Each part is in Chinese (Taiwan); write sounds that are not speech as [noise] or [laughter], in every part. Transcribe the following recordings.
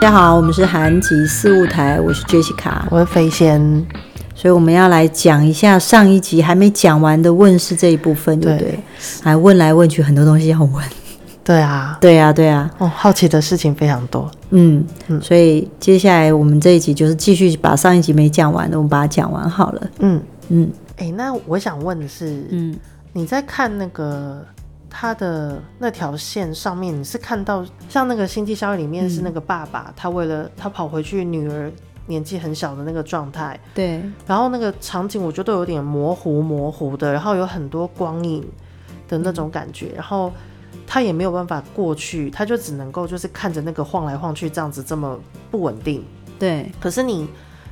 大家好，我們是憨吉四物台，我是 Jessica，我是飛仙，所以我們要來講一下上一集還沒講完的問事這一部分，對，對不對？還問來問去，很多東西要問。對啊，對啊，對啊，對啊。哦，好奇的事情非常多。嗯嗯，嗯，所以接下來我們這一集就是繼續把上一集沒講完的，我們把它講完好了。嗯嗯。哎、嗯欸，那我想問的是，嗯，你在看那個？他的那條線上面，你是看到像那個《星際效應》裡面是那個爸爸，他為了他跑回去，女兒年紀很小的那個狀態。對。然後那個場景我覺得都有點模糊模糊的，然後有很多光影的那種感覺，然後他也沒有辦法過去，他就只能夠就是看着那個晃來晃去，這樣子這麼不穩定。對。可是你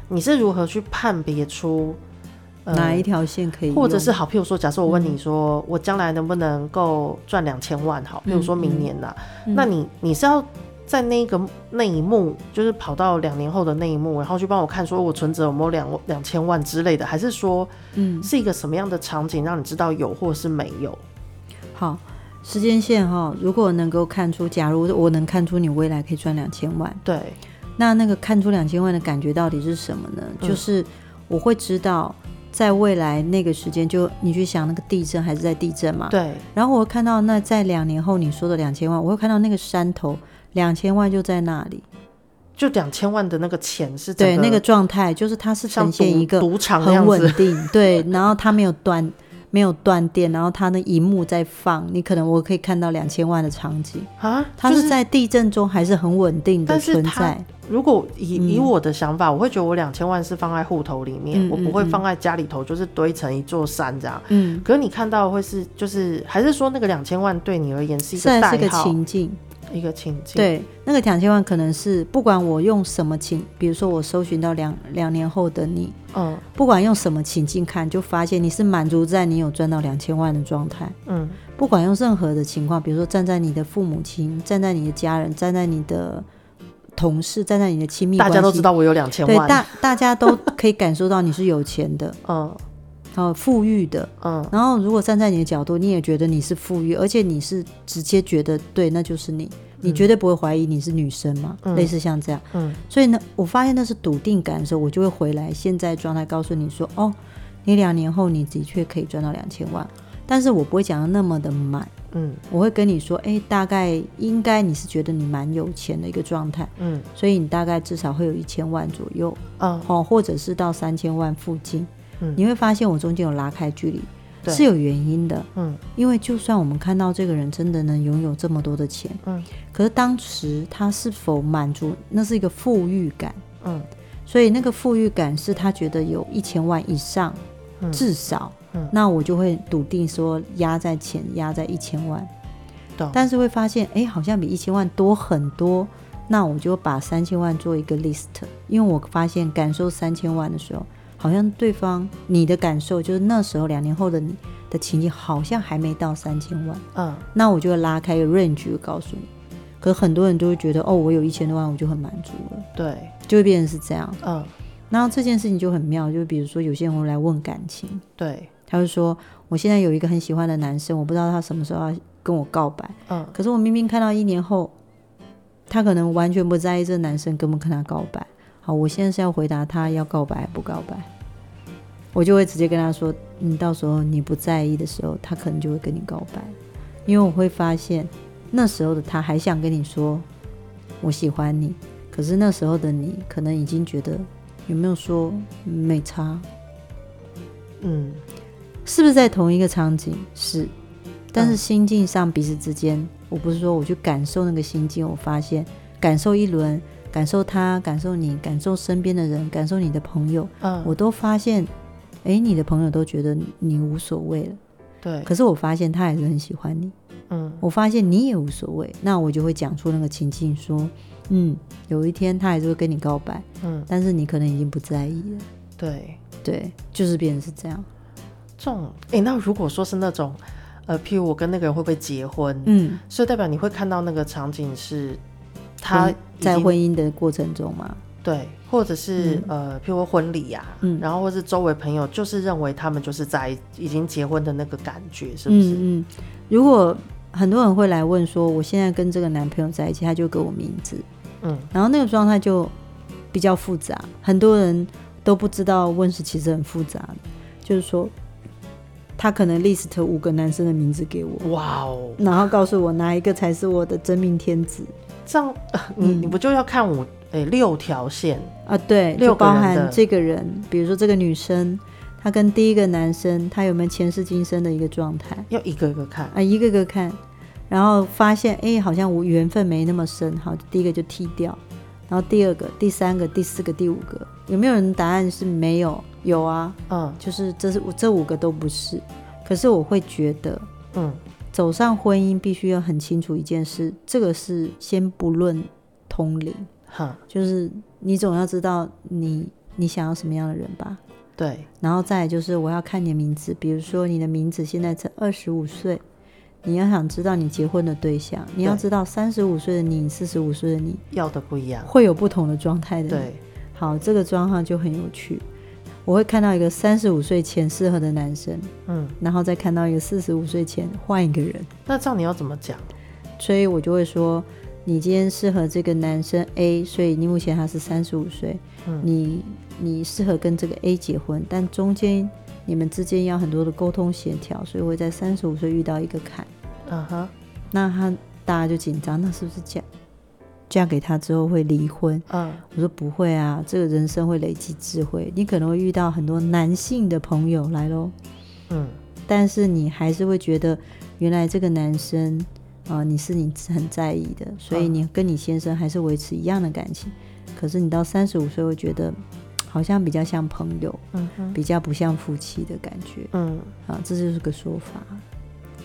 你是如何去判別出？嗯、哪一條線可以？或者是好，譬如說，假設我問你說，嗯、我將來能不能夠賺兩千萬？好，譬如說明年吶、啊，嗯嗯、那你你是要在那個那一幕，就是跑到兩年後的那一幕，然後去幫我看，說我存摺有沒有兩兩千萬之類的？還是說，嗯，是一個什麼樣的場景讓你知道有或是沒有？嗯、好，時間線哈，如果能夠看出，假如我能看出你未來可以賺兩千萬，對，那那個看出兩千萬的感覺到底是什麼呢？嗯、就是我會知道。在未來那個時間，就你去想那個地震還是在地震嘛？對。然後我看到那在兩年後你說的兩千萬，我會看到那個山頭兩千萬就在那裡，就兩千萬的那個錢是整個像賭場那樣子。對那個狀態，就是它是呈現一個賭場很穩定，對，然後它沒有斷。 [laughs] 沒有斷電，然後它的螢幕在放，你可能我可以看到兩千萬的場景啊，它、就是、是在地震中還是很穩定的存在。但是它如果以以我的想法，我會覺得我兩千萬是放在戶頭裡面，嗯、我不會放在家裡頭，就是堆成一座山這樣。嗯，可是你看到會是就是還是說那個兩千萬對你而言是一個代號？算是個情境。一個情境，對，那個兩千萬可能是不管我用什麼情，比如說我搜尋到兩兩年後的你，嗯，不管用什麼情境看，就發現你是滿足在你有賺到兩千萬的狀態，嗯，不管用任何的情況，比如說站在你的父母親，站在你的家人，站在你的同事，站在你的親密關係，大家都知道我有兩千萬， [laughs] 對，大大家都可以感受到你是有錢的，嗯。哦，富裕的，嗯，然後如果站在你的角度，你也覺得你是富裕，而且你是直接覺得對，那就是你，你絕對不會懷疑你是女生嘛，嗯、類似像這樣，嗯，嗯，所以呢，我發現那是篤定感的時候，我就會回來現在狀態告訴你說，哦，你兩年後你的確可以賺到兩千萬，但是我不會講得那麼的滿，嗯，我會跟你說，誒、哎，大概應該你是覺得你蠻有錢的一個狀態，嗯，所以你大概至少會有一千萬左右，嗯，哦，或者是到三千萬附近。嗯、你會發現我中間有拉開距離，對是有原因的。嗯，因為就算我們看到這個人真的能擁有這麼多的錢，嗯，可是當時他是否滿足，那是一個富裕感，嗯，所以那個富裕感是他覺得有一千萬以上，至少，嗯嗯，那我就會篤定說壓在錢壓在一千萬，嗯、但是會發現誒、欸，好像比一千萬多很多，那我就把三千萬做一個 list，因為我發現感受三千萬的時候。好像對方你的感受就是那時候兩年後的你的情景，好像還沒到三千萬。嗯，那我就會拉開一個 range 告訴你。可是很多人都會覺得，哦，我有一千多萬，我就很滿足了。對，就會變成是這樣。嗯，然後這件事情就很妙，就比如說有些人會來問感情，對，他會說我現在有一個很喜歡的男生，我不知道他什麼時候要跟我告白。嗯，可是我明明看到一年後，他可能完全不在意這男生跟不跟他告白。好，我現在是要回答他要告白不告白，我就會直接跟他說：你到時候你不在意的時候，他可能就會跟你告白，因為我會發現那時候的他還想跟你說我喜歡你，可是那時候的你可能已經覺得有沒有說沒差？嗯，是不是在同一個場景？是，但是心境上彼此之間，嗯、我不是說我去感受那個心境，我發現感受一輪。感受他，感受你，感受身邊的人，感受你的朋友。嗯，我都發現，哎、欸，你的朋友都覺得你，你無所謂了。對。可是我發現他還是很喜歡你。嗯。我發現你也無所謂，那我就會講出那個情境，說，嗯，有一天他還是會跟你告白。嗯。但是你可能已經不在意了。對對，就是變成是這樣。這種，哎、欸，那如果說是那種，呃，譬如我跟那個人會不會結婚？嗯，所以代表你會看到那個場景是。他在婚姻的過程中嘛，對，或者是、嗯、呃，譬如說婚禮呀、啊，嗯，然後或者周圍朋友就是認為他們就是在已經結婚的那個感覺，是不是？嗯，嗯，如果很多人會來問說，我現在跟這個男朋友在一起，他就給我名字，嗯，然後那個狀態就比較複雜，很多人都不知道問事其實很複雜的，就是說他可能 list 五個男生的名字給我，哇哦 Wow，然後告訴我哪一個才是我的真命天子。上，你、嗯嗯、你不就要看五誒、欸、六條線啊？對，就包含這個人，六個人的比如說，這個女生，她跟第一個男生，她有沒有前世今生的一個狀態？要一個一個看啊，一個一個看，然後發現誒、欸，好像我緣分沒那麼深，好，第一個就踢掉，然後第二個、第三個、第四個、第五個，有沒有人答案是沒有？有啊，嗯，就是這是這五個都不是，可是我會覺得，嗯。走上婚姻必須要很清楚一件事，這個是先不論通靈，哼就是你總要知道你你想要什麼樣的人吧，對，然後再來就是我要看你的名字，比如說你的名字現在才二十五歲，你要想知道你結婚的對象，對你要知道三十五歲的你，四十五歲的你要的不一樣，會有不同的狀態的人，對，好，這個狀況就很有趣。我會看到一個三十五歲前適合的男生，嗯，然後再看到一個四十五歲前換一個人，那照你要怎麼講？所以我就會說，你今天適合這個男生 A，所以你目前還是三十五歲，嗯、你你適合跟這個 A 結婚，但中間你們之間要很多的溝通協調，所以會在三十五歲遇到一個坎，嗯哼、uh-huh、那他大家就緊張，那是不是這樣？嫁給他之後會離婚？嗯，我說不會啊，這個人生會累積智慧，你可能會遇到很多男性的朋友來嘍。嗯，但是你還是會覺得原來這個男生啊、呃，你是你很在意的，所以你跟你先生還是維持一樣的感情。嗯、可是你到三十五歲會覺得好像比較像朋友，嗯哼，比較不像夫妻的感覺。嗯，啊，這就是個說法。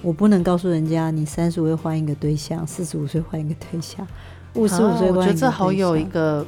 我不能告訴人家，你三十五歲換一個對象，四十五歲換一個對象。五十五歲，啊，我覺得這好有一個，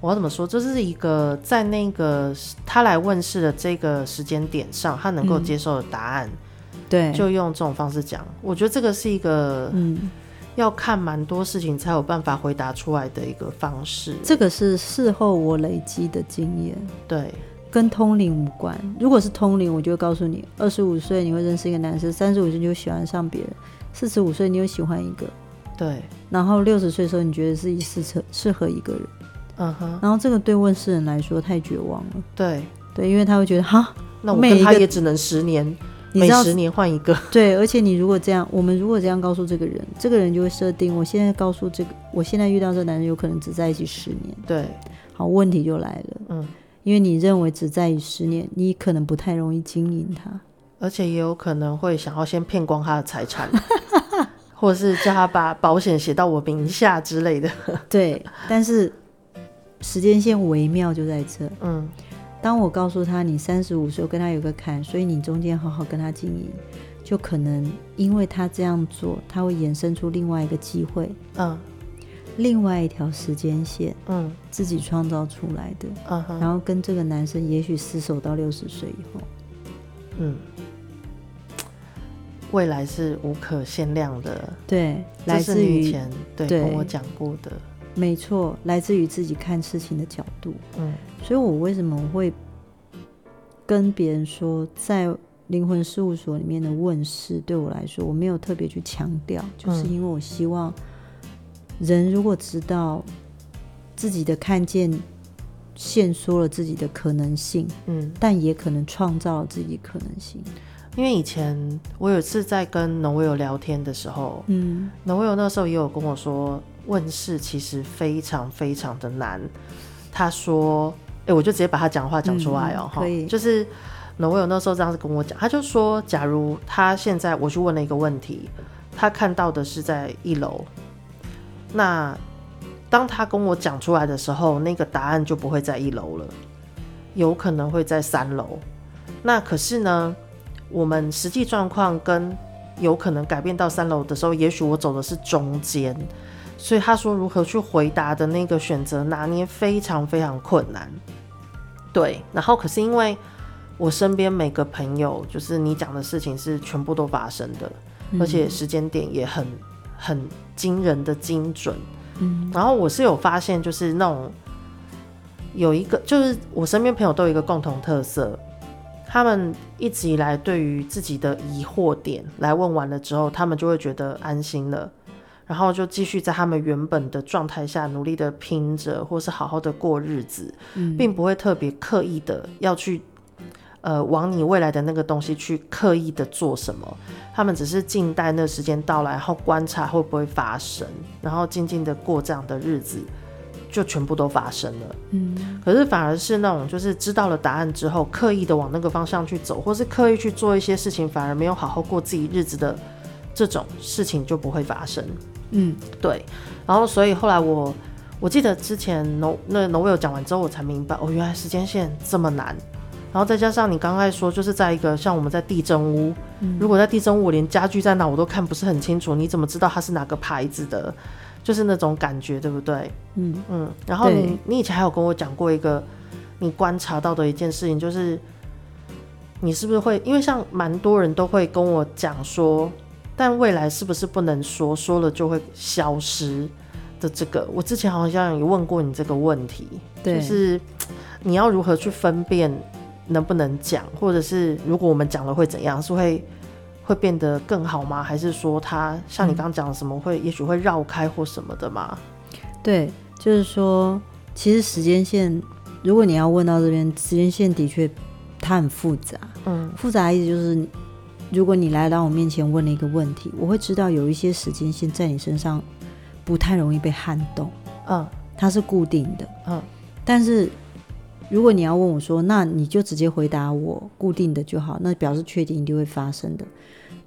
我要怎麼說？這，就是一個在那個他來問事的這個時間點上，他能夠接受的答案。嗯、對，就用這種方式講，我覺得這個是一個，嗯，要看蠻多事情才有辦法回答出來的一個方式。這個是事後我累積的經驗，對，跟通靈無關。如果是通靈，我就告訴你，二十五歲你會認識一個男生，三十五歲你就會喜歡上別人，四十五歲你又喜歡一個。對，然後六十歲的時候，你覺得自己適適適合一個人，嗯哼，然後這個對問事人來說太絕望了。對，對，因為他會覺得哈，那我每一他也只能十年，每十年換一個。對，而且你如果這樣，我們如果這樣告訴這個人，這個人就會設定，我現在告訴這個，我現在遇到這個男人，有可能只在一起十年。對，好，問題就來了，嗯，因為你認為只在一起十年，你可能不太容易經營他，而且也有可能會想要先騙光他的財產。 [laughs] 或是叫他把保險寫到我名下之類的。 [laughs] 對，但是時間線微妙就在這。嗯，當我告訴他你三十五歲，我跟他有個坎，所以你中間好好跟他經營，就可能因為他這樣做，他會衍生出另外一個機會。嗯，另外一條時間線，嗯，自己創造出來的。嗯，然後跟這個男生也許廝守到六十歲以後。嗯。未來是無可限量的，對，來自於以前對，對跟我講過的，沒錯，來自於自己看事情的角度，嗯，所以我為什麼會跟別人說，在靈魂事務所裡面的問世，對我來說，我沒有特別去強調，就是因為我希望人如果知道自己的看見限縮了自己的可能性，嗯，但也可能創造了自己的可能性。因為以前我有一次在跟農衛友聊天的時候，嗯，農友那時候也有跟我說問事其實非常非常的難。他說：“哎、欸，我就直接把他講話講出來哦，嗯、就是農衛友那時候這樣子跟我講，他就說，假如他現在我去問了一個問題，他看到的是在一樓，那當他跟我講出來的時候，那個答案就不會在一樓了，有可能會在三樓。那可是呢？”我們實際狀況跟有可能改變到三樓的時候，也許我走的是中間，所以他說如何去回答的那個選擇拿捏非常非常困難。對，然後可是因為我身邊每個朋友，就是你講的事情是全部都發生的，嗯，而且時間點也很很驚人的精準。嗯，然後我是有發現，就是那種有一個，就是我身邊朋友都有一個共同特色。他們一直以來對於自己的疑惑點來問完了之後，他們就會覺得安心了，然後就繼續在他們原本的狀態下努力的拼着，或是好好的過日子，嗯，並不會特別刻意的要去，呃，往你未來的那個東西去刻意的做什麼。他們只是靜待那時間到來，然後觀察會不會發生，然後靜靜的過這樣的日子。就全部都發生了，嗯，可是反而是那種就是知道了答案之後，刻意的往那個方向去走，或是刻意去做一些事情，反而沒有好好過自己日子的這種事情就不會發生，嗯，對。然後所以後來我我記得之前 no, 那諾威爾講完之後，我才明白哦，原來時間線這麼難。然後再加上你剛才說，就是在一個像我們在地震屋，嗯，如果在地震屋連家具在哪我都看不是很清楚，你怎麼知道它是哪個牌子的？就是那種感覺，對不對？嗯嗯。然後你對你以前還有跟我講過一個你觀察到的一件事情，就是你是不是會，因為像蠻多人都會跟我講說，但未來是不是不能說，說了就會消失的這個？我之前好像有問過你這個問題，對就是你要如何去分辨能不能講，或者是如果我們講了會怎樣？是會？會變得更好嗎？還是說他像你剛剛講的什麼會，嗯、也許會繞開或什麼的嗎？對，就是說，其實時間線，如果你要問到這邊，時間線的確它很複雜。嗯，複雜的意思就是，如果你來到我面前問了一個問題，我會知道有一些時間線在你身上不太容易被撼動。嗯，它是固定的。嗯，但是如果你要問我說，那你就直接回答我固定的就好，那表示確定一定會發生的。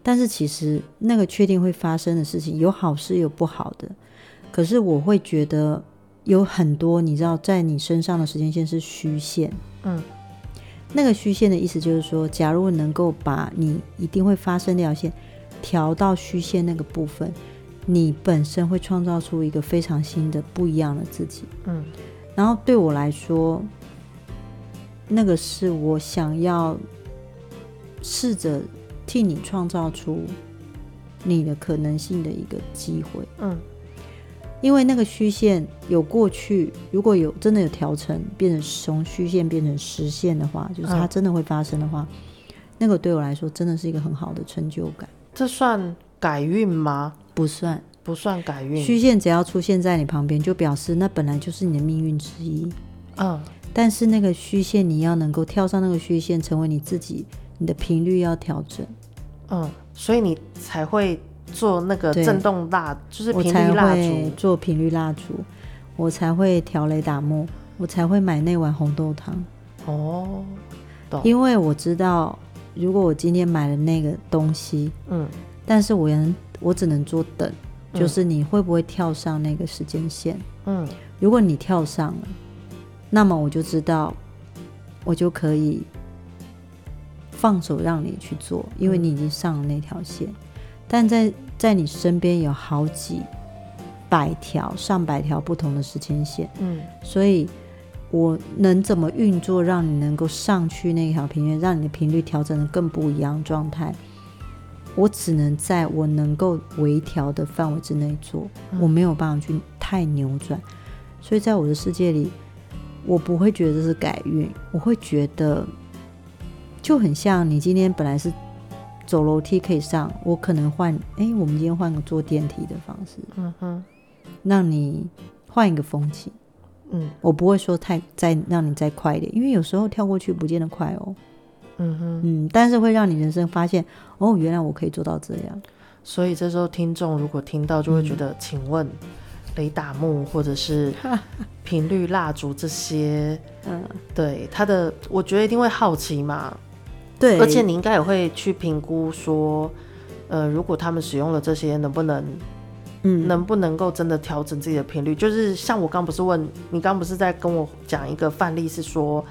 但是其實那個確定會發生的事情，有好事有不好的，可是我會覺得有很多，你知道，在你身上的時間線是虛線，嗯，那個虛線的意思就是說，假如能夠把你一定會發生那條線調到虛線那個部分，你本身會創造出一個非常新的、不一樣的自己，嗯，然後對我來說，那個是我想要試着。替你創造出你的可能性的一個機會，嗯，因為那個虛線有過去，如果有真的有調成，變成從虛線變成實線的話，就是它真的會發生的話，嗯，那個對我來說真的是一個很好的成就感。這算改運嗎？不算，不算改運。虛線只要出現在你旁邊，就表示那本來就是你的命運之一。嗯，但是那個虛線，你要能夠跳上那個虛線，成為你自己，你的頻率要調整。嗯，所以你才會做那個震動蠟，對就是頻率蠟燭。做頻率蠟燭，我才會調雷打木，我才會買那碗紅豆湯。哦，懂。因為我知道，如果我今天買了那個東西，嗯，但是我能，我只能坐等。就是你會不會跳上那個時間線？嗯，如果你跳上了，那麼我就知道，我就可以。放手讓你去做，因為你已經上了那條線，嗯、但在在你身邊有好幾百條、上百條不同的時間線，嗯，所以我能怎麼運作，讓你能夠上去那條頻率，讓你的頻率調整的更不一樣的狀態，我只能在我能夠微調的範圍之內做，嗯、我沒有辦法去太扭轉，所以在我的世界裡，我不會覺得這是改運，我會覺得。就很像你今天本來是走樓梯可以上，我可能換哎、欸，我們今天換個坐電梯的方式，嗯哼，讓你換一個風景，嗯，我不會說太再讓你再快一點，因為有時候跳過去不見得快哦，嗯哼，嗯，但是會讓你人生發現哦，原來我可以做到這樣，所以這時候聽眾如果聽到就會覺得，嗯、請問雷打木或者是頻率蠟燭這些，嗯， [laughs] 對，它的我覺得一定會好奇嘛。對，而且你應該也會去評估說，呃，如果他們使用了這些，能不能，嗯，能不能夠真的調整自己的頻率？就是像我剛不是問你，剛不是在跟我講一個範例，是說，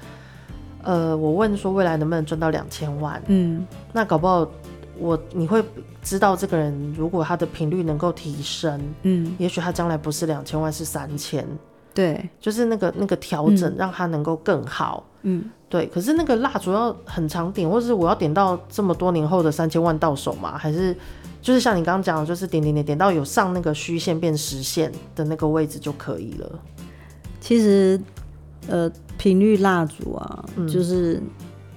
呃，我問說未來能不能賺到兩千萬？嗯，那搞不好我你會知道這個人，如果他的頻率能夠提升，嗯，也許他將來不是兩千萬，是三千。對，就是那個那個調整，讓它能夠更好。嗯，對。可是那個蠟燭要很長點，或是我要點到這麼多年後的三千萬到手嗎？還是就是像你剛剛講的，就是點點點點到有上那個虛線變實線的那個位置就可以了。其實，呃，頻率蠟燭啊，嗯、就是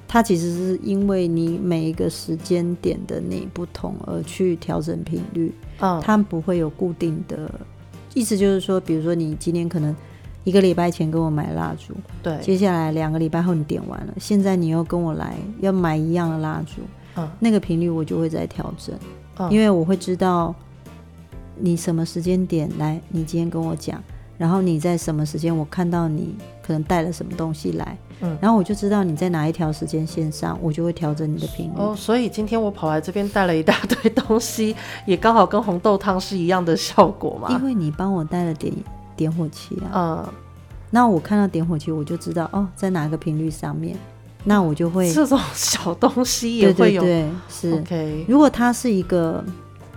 它其實是因為你每一個時間點的你不同而去調整頻率，嗯、它不會有固定的。意思就是說，比如說你今天可能一個禮拜前給我買蠟燭，對，接下來兩個禮拜後你點完了，現在你又跟我來要買一樣的蠟燭，嗯，那個頻率我就會再調整，嗯、因為我會知道你什麼時間點來，你今天跟我講，然後你在什麼時間我看到你可能帶了什麼東西來。嗯，然後我就知道你在哪一條時間線上，我就會調整你的頻率。哦，所以今天我跑來這邊帶了一大堆東西，也剛好跟紅豆湯是一樣的效果嘛。因為你幫我帶了點點火器啊。嗯，那我看到點火器，我就知道哦，在哪個頻率上面，那我就會，這種小東西也會有。對對對，是。OK。如果它是一個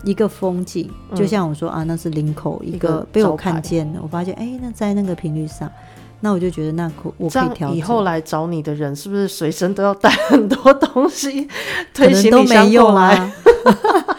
一個風景，就像我說，嗯，啊，那是林口一個被我看見的，我發現哎，那在那個頻率上。那我就覺得那可，我可以調整。以後來找你的人是不是隨身都要帶很多東西，推行李箱過來？可能都沒用啊，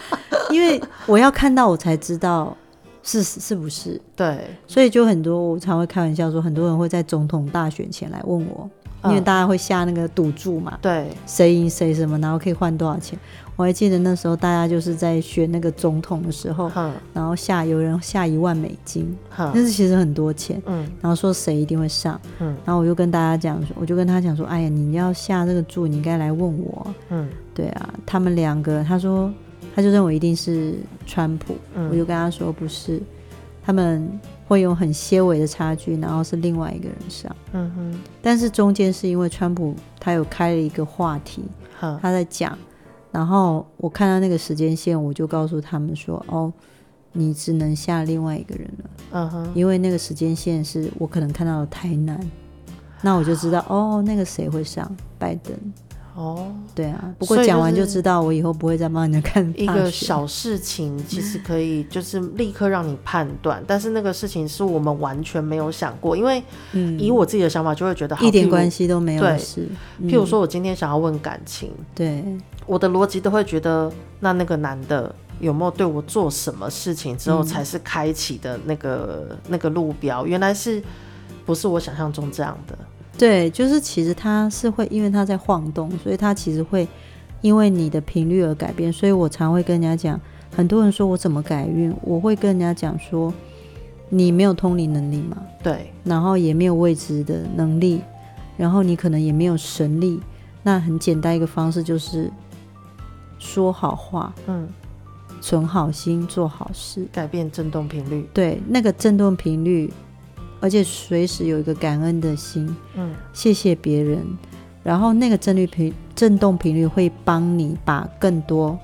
[laughs] [laughs] 因為我要看到我才知道是，是不是對？所以就很多我常會開玩笑說，很多人會在總統大選前來問我。因為大家會下那個賭注嘛，對，誰贏誰什麼，然後可以換多少錢。我還記得那時候大家就是在選那個總統的時候，然後下有人下一萬美金，但是其實很多錢，嗯，然後說誰一定會上，嗯，然後我就跟大家講說，我就跟他講說，哎呀，你要下這個注，你應該來問我，嗯，對啊，他們兩個，他說他就認為一定是川普，我就跟他說不是，他們。會有很些微的差距，然後是另外一個人上。嗯哼，但是中間是因為川普他有開了一個話題，嗯、哼他在講，然後我看到那個時間線，我就告訴他們說：“哦，你只能下另外一個人了。”嗯哼，因為那個時間線是我可能看到的太難，那我就知道好哦，那個誰會上拜登。哦，對啊，不過講完就知道，我以後不會再幫人家看一個小事情，其實可以就是立刻讓你判斷。 [laughs] 但是那個事情是我們完全沒有想過，因為以我自己的想法就會覺得、嗯、好一點關係都沒有。對，嗯、譬如說，我今天想要問感情，嗯、對，我的邏輯都會覺得，那那個男的有沒有對我做什麼事情之後才是開啟的那個、嗯、那個路標，原來是不是我想象中這樣的？對，就是其實它是會，因為它在晃動，所以它其實會因為你的頻率而改變。所以我常會跟人家講，很多人說我怎麼改運，我會跟人家講說，你沒有通靈能力嘛，對，然後也沒有預知的能力，然後你可能也沒有神力。那很簡單一個方式就是說好話，嗯，存好心，做好事，改變振動頻率。對，那個振動頻率。而且隨時有一個感恩的心，嗯，謝謝別人。然後那個震率頻振動頻率會幫你把更多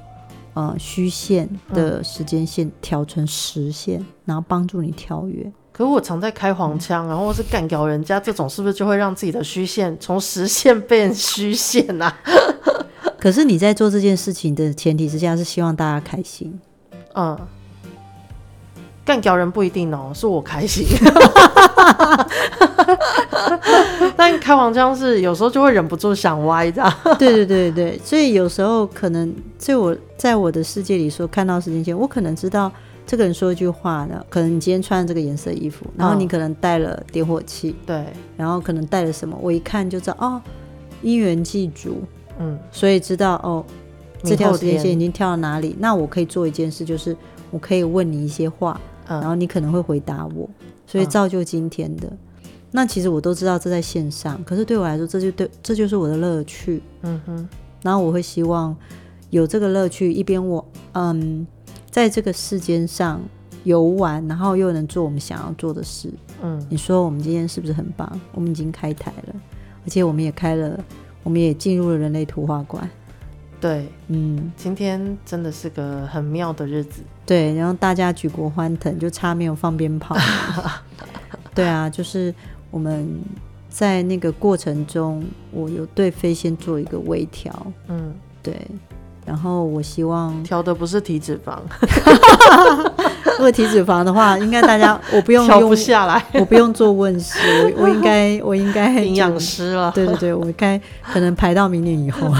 呃虛線的時間線調成實線，嗯，然後幫助你跳躍。可是我常在開黃腔，然後是幹掉人家，這種是不是就會讓自己的虛線從實線變虛線啊？ [laughs] 可是你在做這件事情的前提之下是希望大家開心，嗯，幹掉人不一定哦，是我開心。 [laughs] [laughs] 但開黃腔是有時候就會忍不住想歪的。 [laughs] 對對對對，所以有時候可能，所以我在我的世界裡說看到時間線，我可能知道這個人說一句話呢，可能你今天穿的這個顏色衣服，然後你可能帶了點火器，對、哦，然後可能帶了什麼，我一看就知道哦，因緣具足。嗯，所以知道哦，這條時間線已經跳到哪裡，那我可以做一件事，就是我可以問你一些話，嗯、然後你可能會回答我。所以造就今天的，嗯、那其實我都知道這在線上，可是對我來說，這就對，這就是我的樂趣。嗯哼。然後我會希望有這個樂趣，一邊我嗯，在這個世間上遊玩，然後又能做我們想要做的事。嗯，你說我們今天是不是很棒？我們已經開台了，而且我們也開了，我們也進入了人類圖畫館。對，嗯，今天真的是個很妙的日子。對，然後大家舉國歡騰，就差沒有放鞭炮。 [laughs] 對啊，就是我們在那個過程中，我有對飛仙做一個微調。嗯，對。然後我希望調的不是體脂肪。哈哈 [laughs] [laughs] 因為體脂肪的話，應該大家我不用，用 [laughs] 調不下來， [laughs] 我不用做問事，我應該我應該很營養師了。對對對，我應該可能排到明年以後。 [laughs]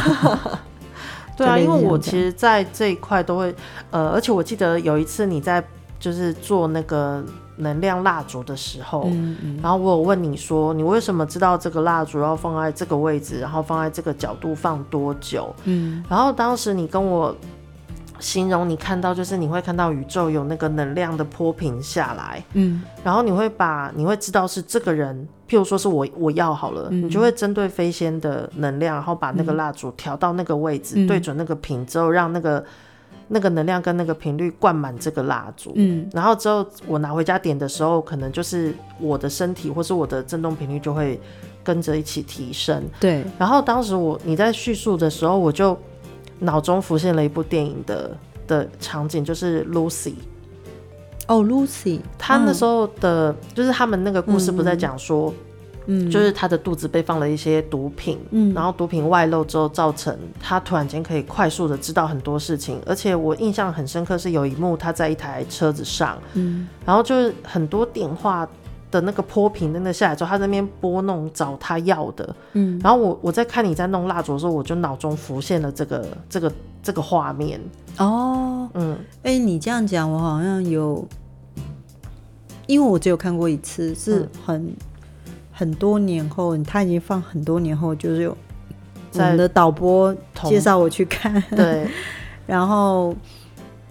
對啊，因為我其實，在這一塊都會，呃，而且我記得有一次你在就是做那個能量蠟燭的時候，嗯嗯、然後我有問你說，你為什麼知道這個蠟燭要放在這個位置，然後放在這個角度放多久？嗯，然後當時你跟我。形容你看到就是你會看到宇宙有那個能量的波頻下來，嗯，然後你會把你會知道是這個人，譬如說是我我要好了，嗯，你就會針對飛仙的能量，然後把那個蠟燭調到那個位置，嗯，對準那個頻之後，讓那個那個能量跟那個頻率灌滿這個蠟燭，嗯，然後之後我拿回家點的時候，可能就是我的身體或是我的振動頻率就會跟着一起提升，對，然後當時我你在敘述的時候，我就。腦中浮現了一部電影的的場景，就是 Lucy oh, Lucy。哦，Lucy，他那時候的，就是他們那個故事不在講說，嗯、mm，hmm. 就是他的肚子被放了一些毒品，mm hmm. 然後毒品外漏之後，造成他突然間可以快速的知道很多事情。而且我印象很深刻是有一幕他在一台車子上，mm hmm. 然後就是很多電話。的那個潑瓶真的那下來之後，他在那邊撥弄找他要的，嗯，然後我我在看你在弄蠟燭的時候，我就腦中浮現了這個這個這個畫面哦，嗯，哎、欸，你這樣講，我好像有，因為我只有看過一次，是很、嗯、很多年後，他已經放很多年後，就是有我們的導播介紹我去看，對， [laughs] 然後。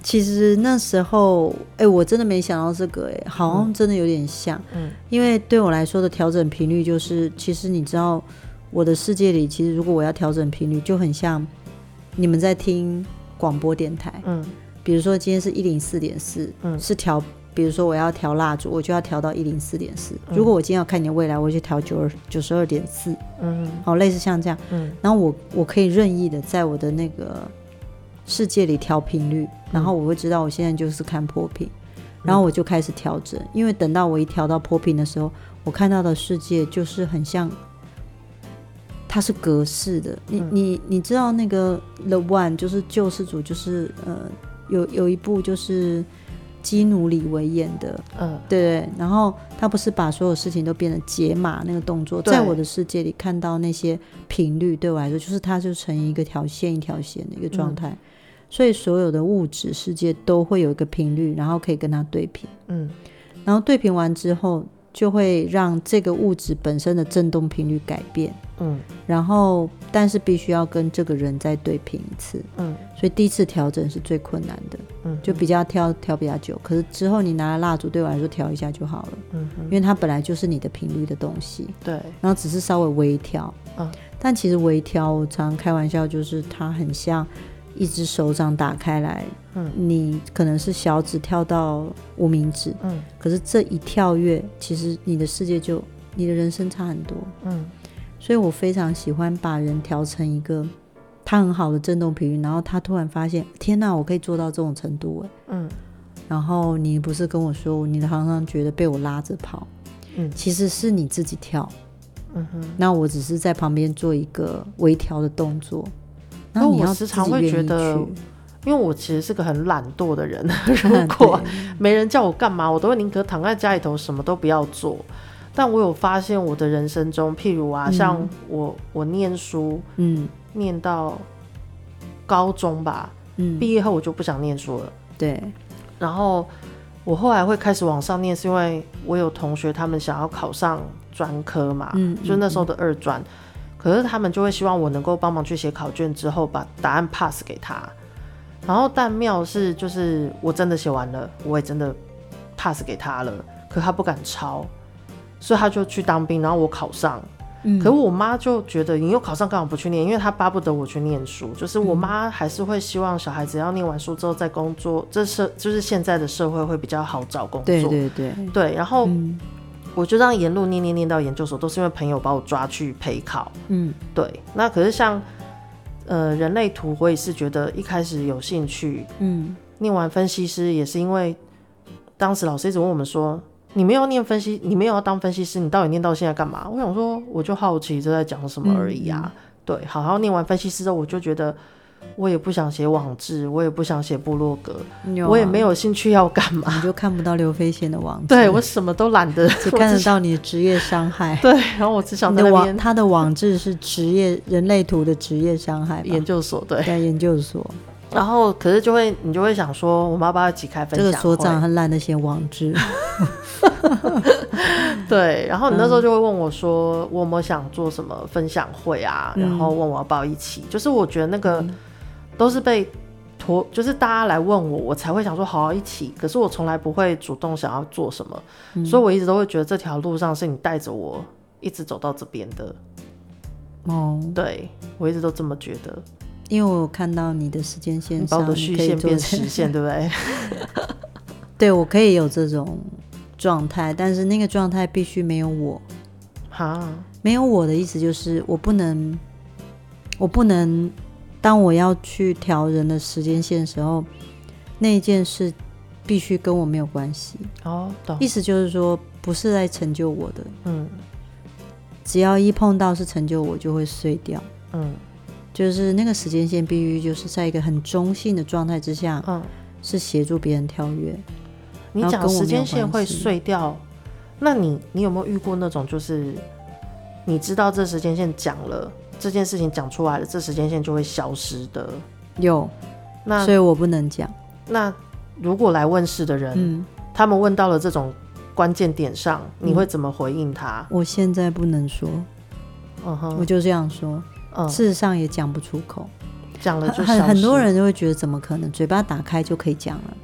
其實那時候，哎、欸，我真的沒想到這個、欸，哎，好像真的有點像。嗯，嗯，因為對我來說的調整頻率就是，其實你知道，我的世界裡，其實如果我要調整頻率，就很像你們在聽廣播電台。嗯，比如說今天是一零四點四，嗯，是調，比如說我要調蠟燭，我就要調到一零四點四。如果我今天要看你的未來，我就調九二、九十二點四。嗯，好，類似像這樣。嗯，然後我我可以任意的在我的那個世界裡調頻率，然後我會知道我現在就是看破頻，嗯，然後我就開始調整。嗯，因為等到我一調到破頻的時候，我看到的世界就是很像，它是格式的。嗯，你你你知道那個 The One 就是救世主，就是呃有有一部就是基努里維演的，嗯，對。然後他不是把所有事情都變成解碼那個動作，對在我的世界裡看到那些頻率，對我來說就是它就成一個條線一條線的一個狀態。嗯所以所有的物質世界都會有一個頻率，然後可以跟它對頻，嗯，然後對頻完之後，就會讓這個物質本身的振動頻率改變，嗯，然後但是必須要跟這個人再對頻一次，嗯，所以第一次調整是最困難的，嗯，就比較挑，調比較久，可是之後你拿的蠟燭對我來說調一下就好了，嗯哼，因為它本來就是你的頻率的東西，對，然後只是稍微微調，嗯、哦，但其實微調，我常常開玩笑就是它很像。一隻手掌打開來，嗯，你可能是小指跳到無名指，嗯，可是這一跳躍，其實你的世界就你的人生差很多，嗯，所以我非常喜歡把人調成一個他很好的震動頻率，然後他突然發現，天哪，我可以做到這種程度哎，嗯，然後你不是跟我說，你常常覺得被我拉着跑，嗯，其實是你自己跳，嗯哼，那我只是在旁邊做一個微調的動作。那我時常會覺得，因為我其實是個很懶惰的人。對如果沒人叫我幹嘛，我都會寧可躺在家裡頭，什麼都不要做。但我有發現，我的人生中，譬如啊，嗯、像我，我念書，嗯，念到高中吧，嗯，畢業後我就不想念書了。對。然後我後來會開始往上念，是因為我有同學他們想要考上專科嘛，嗯，嗯，嗯，就那時候的二專。可是他們就會希望我能夠幫忙去寫考卷，之後把答案 pass 給他。然後但妙是，就是我真的寫完了，我也真的 pass 給他了。可他不敢抄，所以他就去當兵。然後我考上，嗯。可是我媽就覺得，你又考上幹嘛不去念？因為她巴不得我去念書。就是我媽還是會希望小孩子要念完書之後再工作，這是就是現在的社會會比較好找工作。對對對對，然後。嗯我就這樣沿路念念念到研究所，都是因為朋友把我抓去陪考。嗯，對。那可是像呃人類圖，我也是覺得一開始有興趣。嗯，念完分析師也是因為當時老師一直問我們說：“你沒有念分析，你沒有要當分析師，你到底念到現在幹嘛？”我想說，我就好奇這在講什麼而已啊。嗯、對，好好念完分析師之後，我就覺得。我也不想寫網誌，我也不想寫部落格，我也沒有興趣要幹嘛。你就看不到劉飛仙的網誌。對我什麼都懶得。只看得到你的職業傷害。對，然後我只想。你的網他的網誌是職業人類圖的職業傷害研究所對，在研究所。然後，可是就會你就會想說，我們要不要一起開分享？這個所長很懶得寫網誌。對，然後你那時候就會問我說，我有沒有想做什麼分享會啊？然後問我要不要一起？就是我覺得那個。都是被拖就是大家來問我，我才會想說好,好一起。可是我從來不會主動想要做什麼，嗯、所以我一直都會覺得這條路上是你帶着我一直走到這邊的。哦，對我一直都這麼覺得，因為我看到你的時間線上可線變實線，對不對？對我可以有這種狀態，但是那個狀態必須沒有我。哈，沒有我的意思就是我不能，我不能。當我要去調人的時間線的時候，那一件事必須跟我沒有關係。哦，懂。意思就是說，不是在成就我的。嗯。只要一碰到是成就我，就會碎掉。嗯。就是那個時間線必須就是在一個很中性的狀態之下。嗯。是協助別人跳躍。你講時間線會會碎掉，那你你有沒有遇過那種，就是你知道這時間線講了？這件事情講出來了，這時間線就會消失的。有，那所以我不能講。那如果來問事的人，嗯、他們問到了這種關鍵點上，嗯、你會怎麼回應他？我現在不能說，嗯哼、uh，huh, 我就這樣說。Uh, 事實上也講不出口，講了就。很很多人就會覺得怎麼可能，嘴巴打開就可以講了。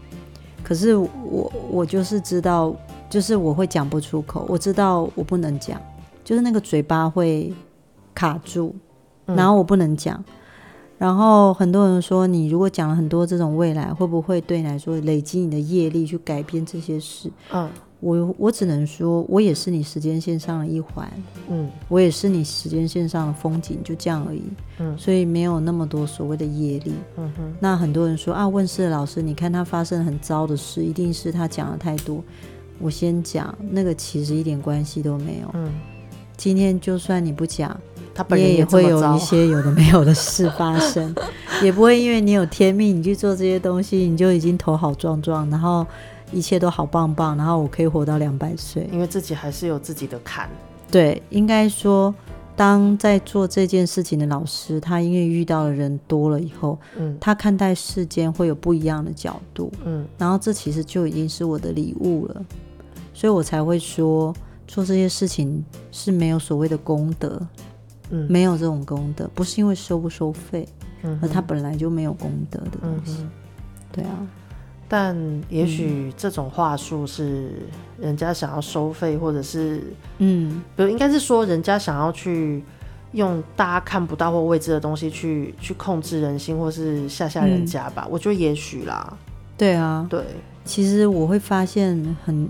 可是我我就是知道，就是我會講不出口，我知道我不能講，就是那個嘴巴會卡住。然後我不能講，然後很多人說你如果講了很多這種未來，會不會對你來說累積你的業力去改變這些事？嗯，我我只能說，我也是你時間線上的一環，嗯，我也是你時間線上的風景，就這樣而已，嗯，所以沒有那麼多所謂的業力，嗯哼。那很多人說啊，問事的老師，你看他發生很糟的事，一定是他講了太多。我先講那個其實一點關係都沒有，嗯，今天就算你不講。你也也會有一些有的沒有的事發生， [laughs] 也不會因為你有天命，你去做這些東西，你就已經頭好壯壯，然後一切都好棒棒，然後我可以活到兩百歲，因為自己還是有自己的坎。對，應該說，當在做這件事情的老師，他因為遇到的人多了以後，嗯，他看待世間會有不一樣的角度，嗯，然後這其實就已經是我的禮物了，所以我才會說，做這些事情是沒有所謂的功德。嗯、沒有這種功德，不是因為收不收費，嗯、哼而他本來就沒有功德的東西，嗯、哼對啊。但也許這種話術是人家想要收費，或者是嗯，比如應該是說人家想要去用大家看不到或未知的東西去去控制人心，或是嚇嚇人家吧？嗯、我覺得也許啦。對啊，對。其實我會發現，很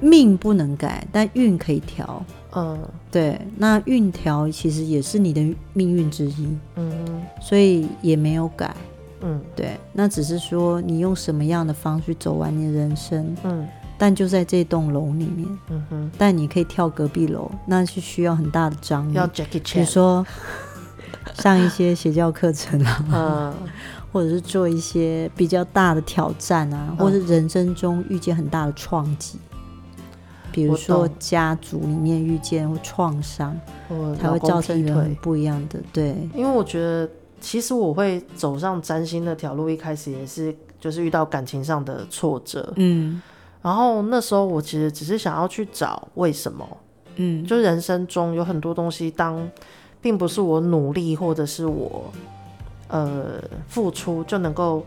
命不能改，但運可以調。嗯。對，那運條其實也是你的命運之一，嗯、所以也沒有改，嗯、對，那只是說你用什麼樣的方式走完你的人生，嗯、但就在這棟樓裡面，嗯、哼但你可以跳隔壁樓，那是需要很大的張力。要 Jackie Chan。比如說上 [laughs] 一些邪教課程啊，嗯、或者是做一些比較大的挑戰啊，嗯、或者是人生中遇見很大的創擊。比如說家族裡面遇見或創傷，才會造成很不一樣的腿對。因為我覺得，其實我會走上占星那條路，一開始也是就是遇到感情上的挫折，嗯，然後那時候我其實只是想要去找為什麼，嗯，就是人生中有很多東西，當並不是我努力或者是我呃付出就能夠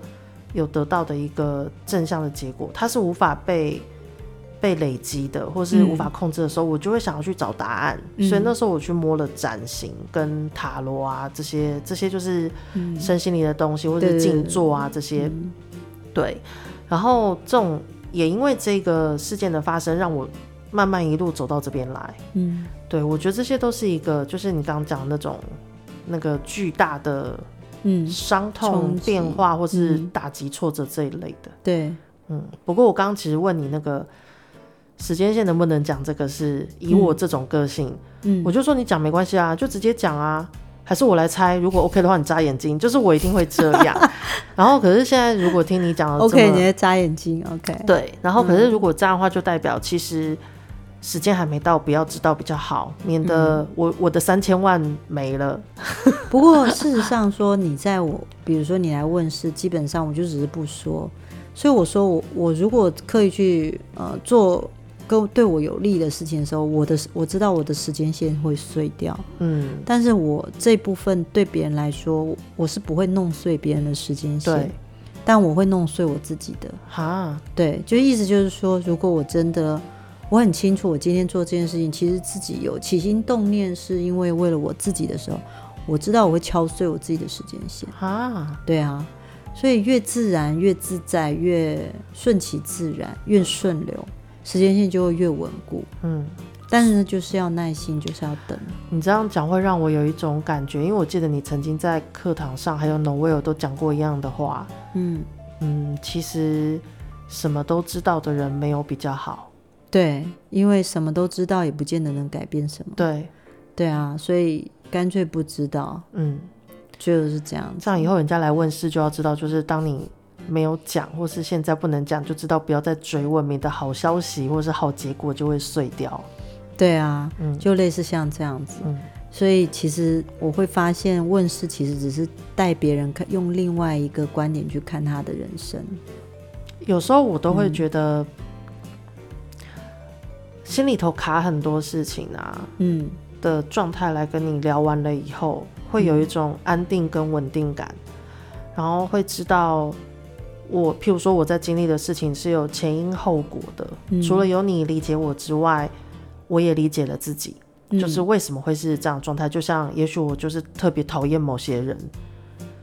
有得到的一個正向的結果，它是無法被。被累積的，或是無法控制的時候，嗯、我就會想要去找答案。嗯、所以那時候我去摸了占星跟塔羅啊，這些這些就是身心靈的東西，嗯、或者是靜坐啊這些。嗯、對，然後這種也因為這個事件的發生，讓我慢慢一路走到這邊來。嗯，對，我覺得這些都是一個，就是你剛剛講的那種那個巨大的嗯傷痛變化，嗯、或是打擊挫折這一類的。嗯、對，嗯。不過我剛剛其實問你那個。時間線能不能講這個是？是以我這種個性，嗯，我就說你講沒關係啊，就直接講啊，嗯、還是我來猜？如果 OK 的話，你眨眼睛，就是我一定會這樣。 [laughs] 然後，可是現在如果聽你講了，OK，你在眨眼睛，OK，對。然後，可是如果這樣的話，就代表其實時間還沒到，不要知道比較好，嗯、免得我我的三千萬沒了。不過事實上說，你在我，比如說你來問事，基本上我就只是不說。所以我說我，我我如果刻意去呃做。夠對我有利的事情的時候，我的我知道我的時間線會碎掉。嗯，但是我這部分對別人來說，我是不會弄碎別人的時間線。對但我會弄碎我自己的。哈，對，就意思就是說，如果我真的我很清楚，我今天做這件事情，其實自己有起心動念，是因為為了我自己的時候，我知道我會敲碎我自己的時間線。哈，對啊，所以越自然，越自在，越順其自然，越順流，時間線就會越穩固，嗯，但是呢，就是要耐心，就是要等。你這樣講會讓我有一種感覺，因為我記得你曾經在課堂上還有 Noel 都講過一樣的話，嗯嗯，其實什麼都知道的人沒有比較好，對，因為什麼都知道也不見得能改變什麼，對，對啊，所以乾脆不知道，嗯，就是這樣。這樣以後人家來問事，就要知道，就是當你。沒有講，或是現在不能講，就知道不要再追問，免得好消息，或是好結果就會碎掉。對啊，嗯，就類似像這樣子，嗯、所以其實我會發現，問事其實只是帶別人看，用另外一個觀點去看他的人生。有時候我都會覺得、嗯、心裡頭卡很多事情啊，嗯的狀態來跟你聊完了以後，會有一種安定跟穩定感，嗯、然後會知道。我，譬如說，我在經歷的事情是有前因後果的。嗯、除了有你理解我之外，我也理解了自己，嗯、就是為什麼會是這樣狀態。就像，也許我就是特別討厭某些人，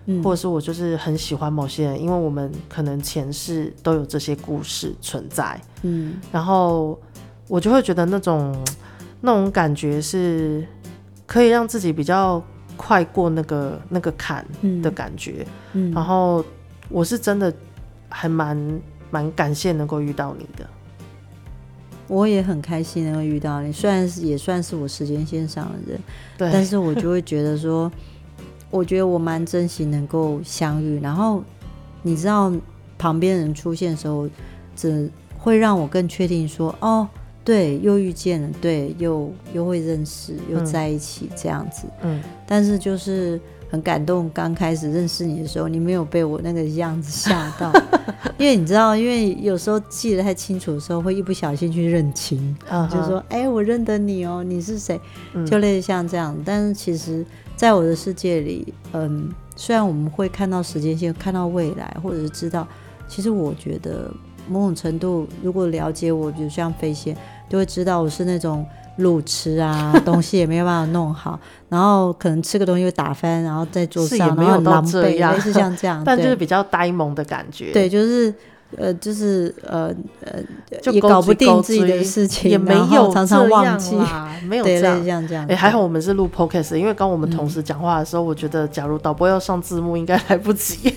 嗯、或者是我就是很喜歡某些人，因為我們可能前世都有這些故事存在。嗯，然後我就會覺得那種那種感覺是可以讓自己比較快過那個那個坎的感覺。嗯、然後我是真的。還蠻蠻感謝能夠遇到你的，我也很開心能夠遇到你，雖然也算是我時間線上的人，對但是我就會覺得說，我覺得我蠻珍惜能夠相遇，然後你知道旁邊人出現的時候，只會讓我更確定說，哦，對，又遇見了，對，又又會認識，又在一起這樣子，嗯，但是就是。很感動，剛開始認識你的時候，你沒有被我那個樣子嚇到， [laughs] 因為你知道，因為有時候記得太清楚的時候，會一不小心去認親，uh huh. 就說：“哎、欸，我認得你哦，你是誰？”就類似像這樣。嗯、但是其實，在我的世界裡，嗯，雖然我們會看到時間線，看到未來，或者是知道，其實我覺得某種程度，如果了解我，比如像飛仙，就會知道我是那種。路痴啊，東西也沒有辦法弄好，然後可能吃個東西會打翻，然後在桌上然後狼狽，類似像這樣，但就是比較呆萌的感覺。對，就是呃，就是呃呃，就搞不定自己的事情，也沒有常常忘記，沒有這樣這樣。對，還好我們是錄 Podcast，因為剛我們同時講話的時候，我覺得假如導播要上字幕，應該來不及。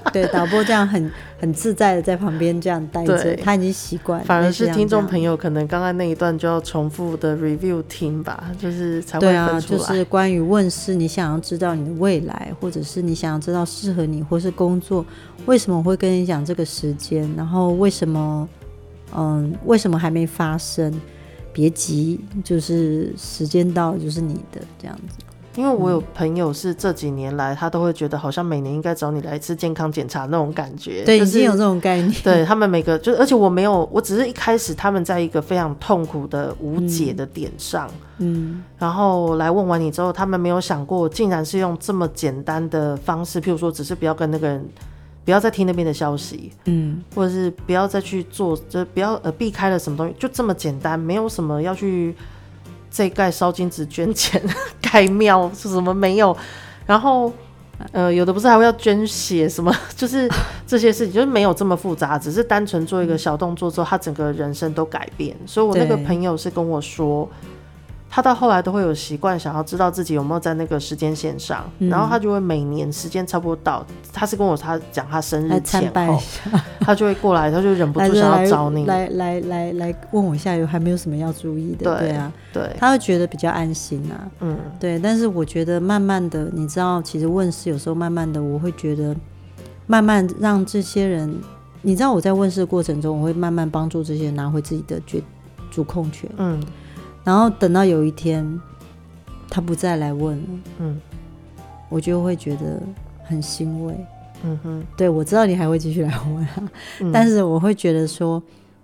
[laughs] 對，導播這樣很很自在的在旁邊這樣待着，對他已經習慣了。反而是聽眾朋友，可能剛剛那一段就要重複的 review 聽吧，就是才會分出來。對啊，就是關於問事，你想要知道你的未來，或者是你想要知道適合你或是工作，為什麼我會跟你講這個時間？然後為什麼，嗯，為什麼還沒發生？別急，就是時間到了就是你的這樣子。因為我有朋友是這幾年來，他都會覺得好像每年應該找你來一次健康檢查那種感覺。對，就是、已經有這種概念。對他們每個就是，而且我沒有，我只是一開始他們在一個非常痛苦的無解的點上，嗯，嗯，然後來問完你之後，他們沒有想過，竟然是用這麼簡單的方式，譬如說，只是不要跟那個人，不要再聽那邊的消息，嗯，或者是不要再去做，就不要呃避開了什麼東西，就這麼簡單，沒有什麼要去。這蓋燒金紙捐錢蓋廟是什麼沒有？然後呃有的不是還會要捐血什麼？就是這些事情就是沒有這麼複雜，只是單純做一個小動作之後，嗯、他整個人生都改變。所以我那個朋友是跟我說。對嗯他到後來都會有習慣，想要知道自己有沒有在那個時間線上，嗯、然後他就會每年時間差不多到，他是跟我他講他生日前後，一下 [laughs] 他就會過來，他就忍不住想要找你來來來，來，來問我一下有還沒有什麼要注意的，對，對啊，對，他會覺得比較安心啊，嗯，對，但是我覺得慢慢的，你知道，其實問事有時候慢慢的，我會覺得慢慢讓這些人，你知道我在問事的過程中，我會慢慢幫助這些人拿回自己的決主控權，嗯。然後等到有一天，他不再來問了，嗯，我就會覺得很欣慰。嗯哼，對，我知道你還會繼續來問啊，嗯，但是我會覺得說，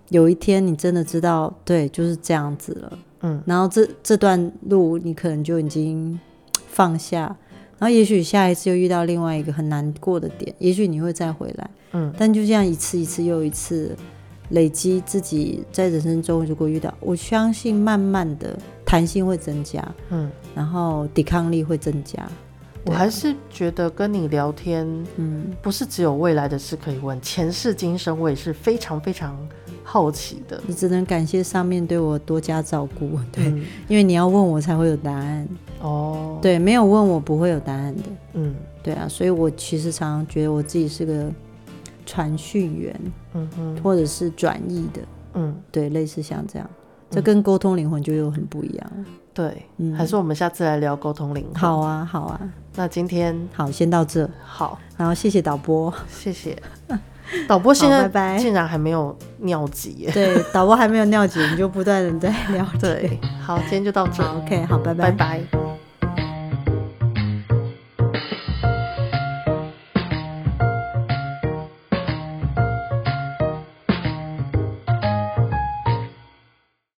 有一天你真的知道，對，就是這樣子了。嗯，然後這這段路你可能就已經放下，然後也許下一次又遇到另外一個很難過的點，也許你會再回來。嗯，但就這樣一次一次又一次。累積自己在人生中，如果遇到，我相信慢慢的彈性會增加，嗯，然後抵抗力會增加。我還是覺得跟你聊天，嗯，不是只有未來的事可以問，前世今生我也是非常非常好奇的。你只能感謝上面對我多加照顧，對，嗯，因為你要問我才會有答案。哦，對，沒有問我不會有答案的，嗯，對啊，所以我其實常常覺得我自己是個。傳訊員，嗯，或者是轉譯的，嗯，對，類似像這樣，這跟溝通靈魂就又很不一樣了，對，還是我們下次來聊溝通靈魂。好啊，好啊，那今天好，先到這，好，然後謝謝導播，謝謝導播，現在拜拜。竟然還沒有尿急，對，導播還沒有尿急，你就不斷的在聊。對，好，今天就到這，OK，好，拜，拜拜。